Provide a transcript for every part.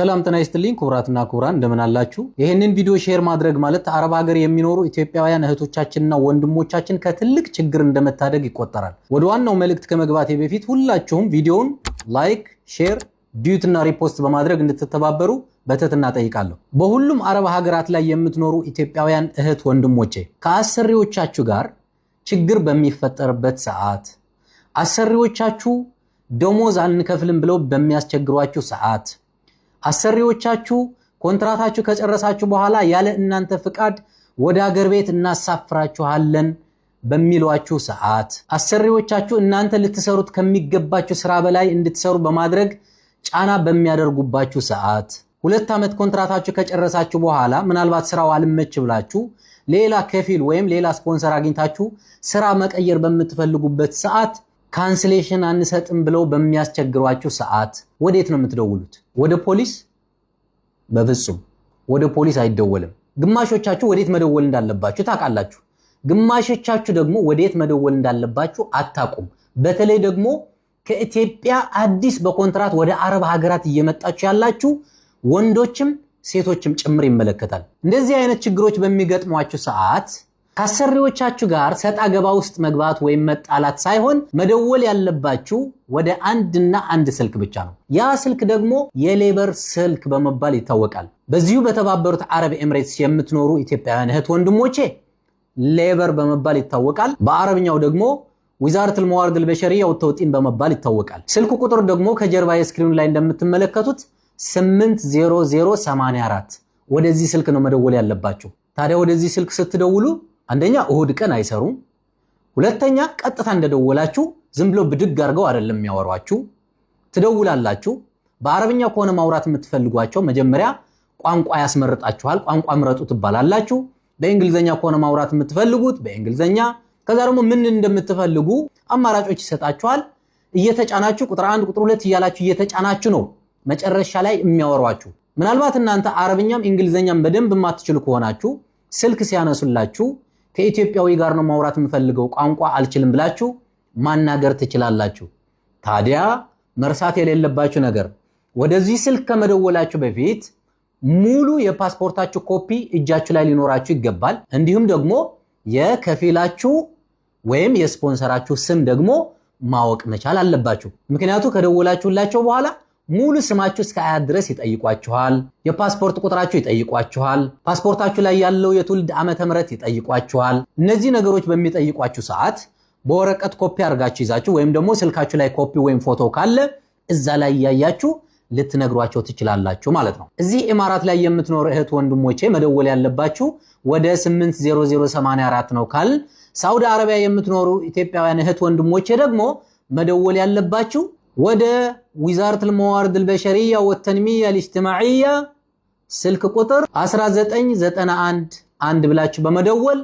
ሰላም ጤና ይስጥልኝ ክቡራትና ክቡራን እንደምን አላችሁ? ይህንን ቪዲዮ ሼር ማድረግ ማለት አረብ ሀገር የሚኖሩ ኢትዮጵያውያን እህቶቻችንና ወንድሞቻችን ከትልቅ ችግር እንደመታደግ ይቆጠራል። ወደ ዋናው መልእክት ከመግባቴ በፊት ሁላችሁም ቪዲዮውን ላይክ፣ ሼር፣ ዲዩትና ሪፖስት በማድረግ እንድትተባበሩ በትህትና ጠይቃለሁ። በሁሉም አረብ ሀገራት ላይ የምትኖሩ ኢትዮጵያውያን እህት ወንድሞቼ ከአሰሪዎቻችሁ ጋር ችግር በሚፈጠርበት ሰዓት አሰሪዎቻችሁ ደሞዝ አንከፍልም ብለው በሚያስቸግሯችሁ ሰዓት አሰሪዎቻችሁ ኮንትራታችሁ ከጨረሳችሁ በኋላ ያለ እናንተ ፍቃድ ወደ አገር ቤት እናሳፍራችኋለን በሚሏችሁ ሰዓት አሰሪዎቻችሁ እናንተ ልትሰሩት ከሚገባችሁ ስራ በላይ እንድትሰሩ በማድረግ ጫና በሚያደርጉባችሁ ሰዓት ሁለት ዓመት ኮንትራታችሁ ከጨረሳችሁ በኋላ ምናልባት ስራው አልመች ብላችሁ ሌላ ከፊል ወይም ሌላ ስፖንሰር አግኝታችሁ ስራ መቀየር በምትፈልጉበት ሰዓት ካንስሌሽን አንሰጥም ብለው በሚያስቸግሯችሁ ሰዓት ወዴት ነው የምትደውሉት? ወደ ፖሊስ? በፍጹም ወደ ፖሊስ አይደወልም። ግማሾቻችሁ ወዴት መደወል እንዳለባችሁ ታውቃላችሁ። ግማሾቻችሁ ደግሞ ወዴት መደወል እንዳለባችሁ አታውቁም። በተለይ ደግሞ ከኢትዮጵያ አዲስ በኮንትራት ወደ አረብ ሀገራት እየመጣችሁ ያላችሁ ወንዶችም ሴቶችም ጭምር ይመለከታል። እንደዚህ አይነት ችግሮች በሚገጥሟችሁ ሰዓት ከአሰሪዎቻችሁ ጋር ሰጥ አገባ ውስጥ መግባት ወይም መጣላት ሳይሆን መደወል ያለባችሁ ወደ አንድና አንድ ስልክ ብቻ ነው። ያ ስልክ ደግሞ የሌበር ስልክ በመባል ይታወቃል። በዚሁ በተባበሩት አረብ ኤምሬትስ የምትኖሩ ኢትዮጵያውያን እህት ወንድሞቼ ሌበር በመባል ይታወቃል። በአረብኛው ደግሞ ዊዛርት ልመዋርድ ልበሸሪ ወተውጢን በመባል ይታወቃል። ስልኩ ቁጥር ደግሞ ከጀርባ የስክሪኑ ላይ እንደምትመለከቱት 80084 ወደዚህ ስልክ ነው መደወል ያለባችሁ። ታዲያ ወደዚህ ስልክ ስትደውሉ አንደኛ እሁድ ቀን አይሰሩም። ሁለተኛ ቀጥታ እንደደወላችሁ ዝም ብሎ ብድግ አድርገው አይደለም የሚያወሯችሁ። ትደውላላችሁ። በአረብኛ ከሆነ ማውራት የምትፈልጓቸው መጀመሪያ ቋንቋ ያስመርጣችኋል። ቋንቋ ምረጡ ትባላላችሁ። በእንግሊዘኛ ከሆነ ማውራት የምትፈልጉት በእንግሊዝኛ ከዛ ደግሞ ምን እንደምትፈልጉ አማራጮች ይሰጣችኋል። እየተጫናችሁ ቁጥር አንድ ቁጥር ሁለት እያላችሁ እየተጫናችሁ ነው መጨረሻ ላይ የሚያወሯችሁ። ምናልባት እናንተ አረብኛም እንግሊዝኛም በደንብ የማትችሉ ከሆናችሁ ስልክ ሲያነሱላችሁ ከኢትዮጵያዊ ጋር ነው ማውራት የምፈልገው ቋንቋ አልችልም ብላችሁ ማናገር ትችላላችሁ። ታዲያ መርሳት የሌለባችሁ ነገር ወደዚህ ስልክ ከመደወላችሁ በፊት ሙሉ የፓስፖርታችሁ ኮፒ እጃችሁ ላይ ሊኖራችሁ ይገባል። እንዲሁም ደግሞ የከፊላችሁ ወይም የስፖንሰራችሁ ስም ደግሞ ማወቅ መቻል አለባችሁ። ምክንያቱ ከደወላችሁላቸው በኋላ ሙሉ ስማችሁ እስከ አያት ድረስ ይጠይቋችኋል። የፓስፖርት ቁጥራችሁ ይጠይቋችኋል። ፓስፖርታችሁ ላይ ያለው የትውልድ ዓመተ ምሕረት ይጠይቋችኋል። እነዚህ ነገሮች በሚጠይቋችሁ ሰዓት በወረቀት ኮፒ አድርጋችሁ ይዛችሁ ወይም ደግሞ ስልካችሁ ላይ ኮፒ ወይም ፎቶ ካለ እዛ ላይ እያያችሁ ልትነግሯቸው ትችላላችሁ ማለት ነው። እዚህ ኢማራት ላይ የምትኖር እህት ወንድሞቼ መደወል ያለባችሁ ወደ 80084 ነው ካል ሳውዲ አረቢያ የምትኖሩ ኢትዮጵያውያን እህት ወንድሞቼ ደግሞ መደወል ያለባችሁ ወደ ዊዛረቱል ልመዋርድ በሸሪያ ወተንሚያ ልእጅትማዕያ ስልክ ቁጥር 1991 ብላችሁ በመደወል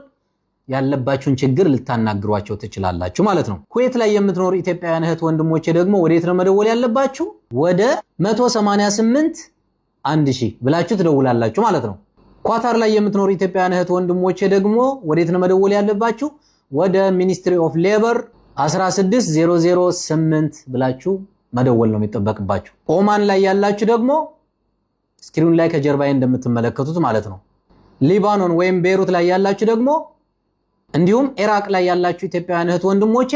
ያለባችሁን ችግር ልታናግሯቸው ትችላላችሁ ማለት ነው። ኩዌት ላይ የምትኖሩ ኢትዮጵያውያን እህት ወንድሞቼ ደግሞ ወዴት ነው መደወል ያለባችሁ? ወደ 188 አንድ ሺህ ብላችሁ ትደውላላችሁ ማለት ነው። ኳታር ላይ የምትኖሩ ኢትዮጵያውያን እህት ወንድሞቼ ደግሞ ወዴት ነው መደወል ያለባችሁ? ወደ ሚኒስትሪ ኦፍ ሌበር 16008 ብላችሁ መደወል ነው የሚጠበቅባችሁ። ኦማን ላይ ያላችሁ ደግሞ ስክሪኑ ላይ ከጀርባዬ እንደምትመለከቱት ማለት ነው። ሊባኖን ወይም ቤይሩት ላይ ያላችሁ ደግሞ እንዲሁም ኢራቅ ላይ ያላችሁ ኢትዮጵያውያን እህት ወንድሞቼ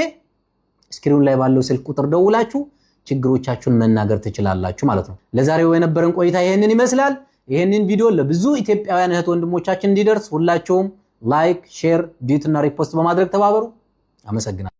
ስክሪኑ ላይ ባለው ስልክ ቁጥር ደውላችሁ ችግሮቻችሁን መናገር ትችላላችሁ ማለት ነው። ለዛሬው የነበረን ቆይታ ይህንን ይመስላል። ይህንን ቪዲዮ ለብዙ ኢትዮጵያውያን እህት ወንድሞቻችን እንዲደርስ ሁላችሁም ላይክ፣ ሼር፣ ዲዩት እና ሪፖስት በማድረግ ተባበሩ። አመሰግናለሁ።